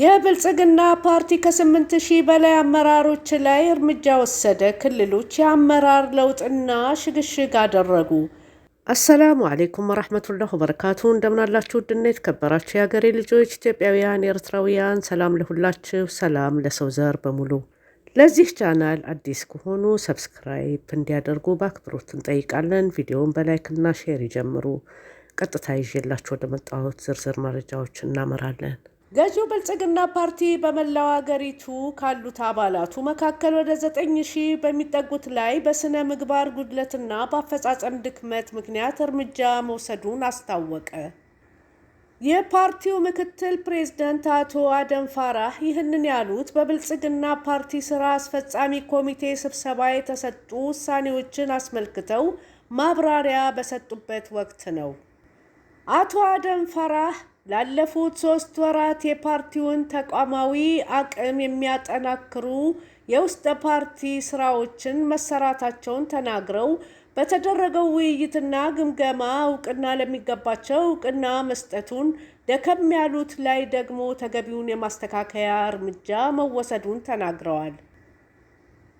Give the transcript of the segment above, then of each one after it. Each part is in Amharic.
የብልጽግና ፓርቲ ከስምንት ሺህ በላይ አመራሮች ላይ እርምጃ ወሰደ። ክልሎች የአመራር ለውጥና ሽግሽግ አደረጉ። አሰላሙ አሌይኩም ወረሕመቱላሁ ወበረካቱ። እንደምናላችሁ ውድና የተከበራችሁ የሀገሬ ልጆች ኢትዮጵያውያን፣ ኤርትራውያን፣ ሰላም ለሁላችሁ፣ ሰላም ለሰው ዘር በሙሉ። ለዚህ ቻናል አዲስ ከሆኑ ሰብስክራይብ እንዲያደርጉ በአክብሮት እንጠይቃለን። ቪዲዮውን በላይክና ሼር ይጀምሩ። ቀጥታ ይዤላችሁ ወደ መጣሁት ዝርዝር መረጃዎች እናመራለን። ገዢው ብልጽግና ፓርቲ በመላው አገሪቱ ካሉት አባላቱ መካከል ወደ ዘጠኝ ሺህ በሚጠጉት ላይ በሥነ ምግባር ጉድለትና በአፈጻጸም ድክመት ምክንያት እርምጃ መውሰዱን አስታወቀ። የፓርቲው ምክትል ፕሬዝዳንት አቶ አደም ፋራህ ይህንን ያሉት በብልጽግና ፓርቲ ሥራ አስፈጻሚ ኮሚቴ ስብሰባ የተሰጡ ውሳኔዎችን አስመልክተው ማብራሪያ በሰጡበት ወቅት ነው። አቶ አደም ፋራህ ላለፉት ሶስት ወራት የፓርቲውን ተቋማዊ አቅም የሚያጠናክሩ የውስጥ ፓርቲ ስራዎችን መሰራታቸውን ተናግረው በተደረገው ውይይትና ግምገማ እውቅና ለሚገባቸው እውቅና መስጠቱን፣ ደከም ያሉት ላይ ደግሞ ተገቢውን የማስተካከያ እርምጃ መወሰዱን ተናግረዋል።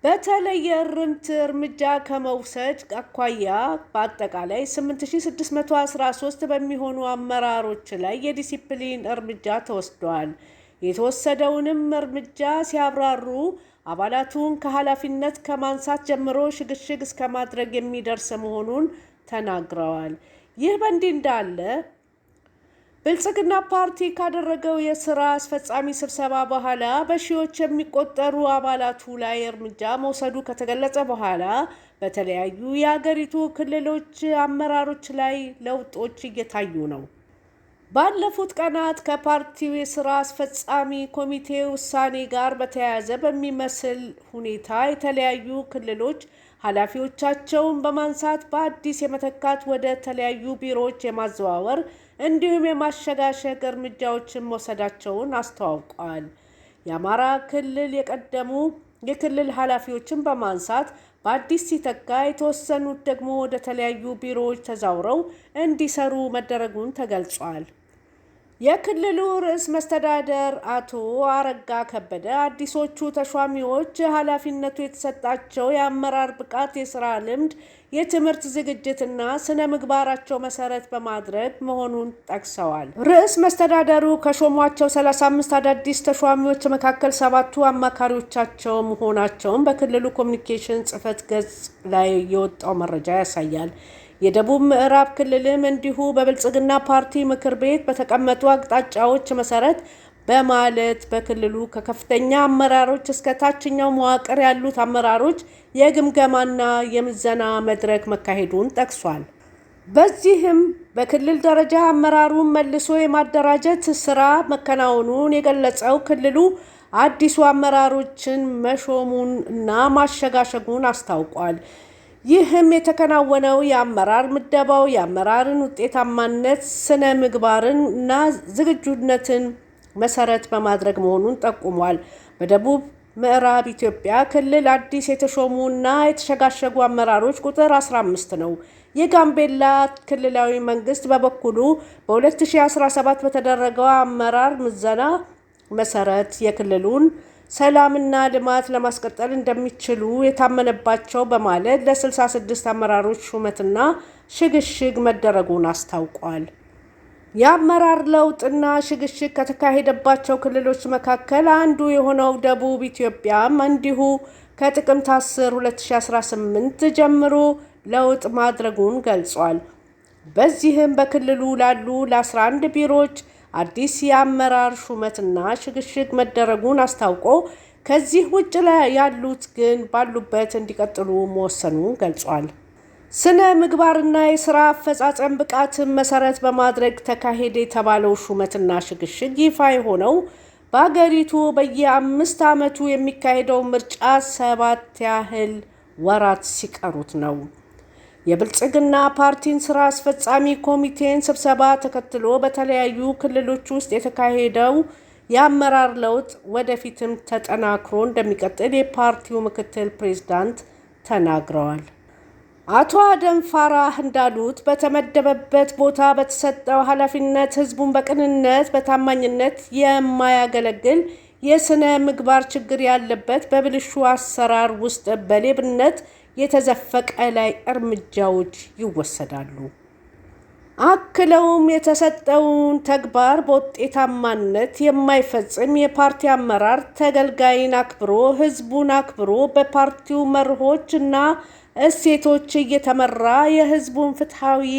በተለየ እርምት እርምጃ ከመውሰድ አኳያ በአጠቃላይ 8613 በሚሆኑ አመራሮች ላይ የዲሲፕሊን እርምጃ ተወስዷል። የተወሰደውንም እርምጃ ሲያብራሩ አባላቱን ከኃላፊነት ከማንሳት ጀምሮ ሽግሽግ እስከ ማድረግ የሚደርስ መሆኑን ተናግረዋል። ይህ በእንዲህ እንዳለ ብልጽግና ፓርቲ ካደረገው የስራ አስፈጻሚ ስብሰባ በኋላ በሺዎች የሚቆጠሩ አባላቱ ላይ እርምጃ መውሰዱ ከተገለጸ በኋላ በተለያዩ የአገሪቱ ክልሎች አመራሮች ላይ ለውጦች እየታዩ ነው። ባለፉት ቀናት ከፓርቲው የስራ አስፈጻሚ ኮሚቴ ውሳኔ ጋር በተያያዘ በሚመስል ሁኔታ የተለያዩ ክልሎች ኃላፊዎቻቸውን በማንሳት በአዲስ የመተካት ወደ ተለያዩ ቢሮዎች የማዘዋወር እንዲሁም የማሸጋሸግ እርምጃዎችን መውሰዳቸውን አስተዋውቋል። የአማራ ክልል የቀደሙ የክልል ኃላፊዎችን በማንሳት በአዲስ ሲተካ የተወሰኑት ደግሞ ወደ ተለያዩ ቢሮዎች ተዛውረው እንዲሰሩ መደረጉን ተገልጿል። የክልሉ ርዕስ መስተዳደር አቶ አረጋ ከበደ አዲሶቹ ተሿሚዎች ኃላፊነቱ የተሰጣቸው የአመራር ብቃት፣ የስራ ልምድ፣ የትምህርት ዝግጅትና ስነ ምግባራቸው መሰረት በማድረግ መሆኑን ጠቅሰዋል። ርዕስ መስተዳደሩ ከሾሟቸው 35 አዳዲስ ተሿሚዎች መካከል ሰባቱ አማካሪዎቻቸው መሆናቸውን በክልሉ ኮሚኒኬሽን ጽህፈት ገጽ ላይ የወጣው መረጃ ያሳያል። የደቡብ ምዕራብ ክልልም እንዲሁ በብልጽግና ፓርቲ ምክር ቤት በተቀመጡ አቅጣጫዎች መሰረት በማለት በክልሉ ከከፍተኛ አመራሮች እስከ ታችኛው መዋቅር ያሉት አመራሮች የግምገማና የምዘና መድረክ መካሄዱን ጠቅሷል። በዚህም በክልል ደረጃ አመራሩን መልሶ የማደራጀት ስራ መከናወኑን የገለጸው ክልሉ አዲሱ አመራሮችን መሾሙን እና ማሸጋሸጉን አስታውቋል። ይህም የተከናወነው የአመራር ምደባው የአመራርን ውጤታማነት፣ ስነ ምግባርን እና ዝግጁነትን መሰረት በማድረግ መሆኑን ጠቁሟል። በደቡብ ምዕራብ ኢትዮጵያ ክልል አዲስ የተሾሙ እና የተሸጋሸጉ አመራሮች ቁጥር 15 ነው። የጋምቤላ ክልላዊ መንግስት በበኩሉ በ2017 በተደረገው አመራር ምዘና መሰረት የክልሉን ሰላምና ልማት ለማስቀጠል እንደሚችሉ የታመነባቸው በማለት ለ66 አመራሮች ሹመትና ሽግሽግ መደረጉን አስታውቋል። የአመራር ለውጥና ሽግሽግ ከተካሄደባቸው ክልሎች መካከል አንዱ የሆነው ደቡብ ኢትዮጵያም እንዲሁ ከጥቅምት 10 2018 ጀምሮ ለውጥ ማድረጉን ገልጿል። በዚህም በክልሉ ላሉ ለ11 ቢሮዎች አዲስ የአመራር ሹመትና ሽግሽግ መደረጉን አስታውቆ ከዚህ ውጭ ያሉት ግን ባሉበት እንዲቀጥሉ መወሰኑን ገልጿል። ስነ ምግባርና የስራ አፈጻጸም ብቃትን መሰረት በማድረግ ተካሄደ የተባለው ሹመትና ሽግሽግ ይፋ የሆነው በአገሪቱ በየአምስት ዓመቱ የሚካሄደው ምርጫ ሰባት ያህል ወራት ሲቀሩት ነው። የብልጽግና ፓርቲን ስራ አስፈጻሚ ኮሚቴን ስብሰባ ተከትሎ በተለያዩ ክልሎች ውስጥ የተካሄደው የአመራር ለውጥ ወደፊትም ተጠናክሮ እንደሚቀጥል የፓርቲው ምክትል ፕሬዝዳንት ተናግረዋል። አቶ አደም ፋራህ እንዳሉት በተመደበበት ቦታ በተሰጠው ኃላፊነት ህዝቡን በቅንነት በታማኝነት የማያገለግል የስነ ምግባር ችግር ያለበት በብልሹ አሰራር ውስጥ በሌብነት የተዘፈቀ ላይ እርምጃዎች ይወሰዳሉ። አክለውም የተሰጠውን ተግባር በውጤታማነት የማይፈጽም የፓርቲ አመራር ተገልጋይን አክብሮ ህዝቡን አክብሮ በፓርቲው መርሆች እና እሴቶች እየተመራ የህዝቡን ፍትሐዊ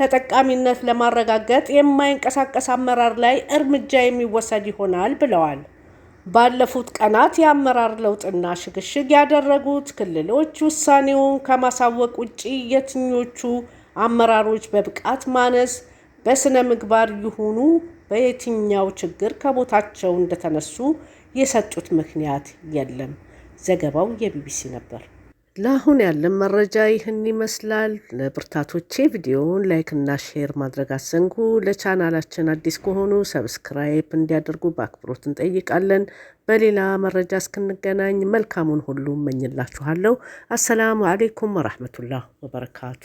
ተጠቃሚነት ለማረጋገጥ የማይንቀሳቀስ አመራር ላይ እርምጃ የሚወሰድ ይሆናል ብለዋል። ባለፉት ቀናት የአመራር ለውጥና ሽግሽግ ያደረጉት ክልሎች ውሳኔውን ከማሳወቅ ውጪ የትኞቹ አመራሮች በብቃት ማነስ በስነ ምግባር ይሁኑ በየትኛው ችግር ከቦታቸው እንደተነሱ የሰጡት ምክንያት የለም። ዘገባው የቢቢሲ ነበር። ለአሁን ያለን መረጃ ይህን ይመስላል። ለብርታቶቼ ቪዲዮውን ላይክ እና ሼር ማድረግ አትዘንጉ። ለቻናላችን አዲስ ከሆኑ ሰብስክራይብ እንዲያደርጉ በአክብሮት እንጠይቃለን። በሌላ መረጃ እስክንገናኝ መልካሙን ሁሉ እመኝላችኋለሁ። አሰላሙ አሌይኩም ወራህመቱላህ ወበረካቱ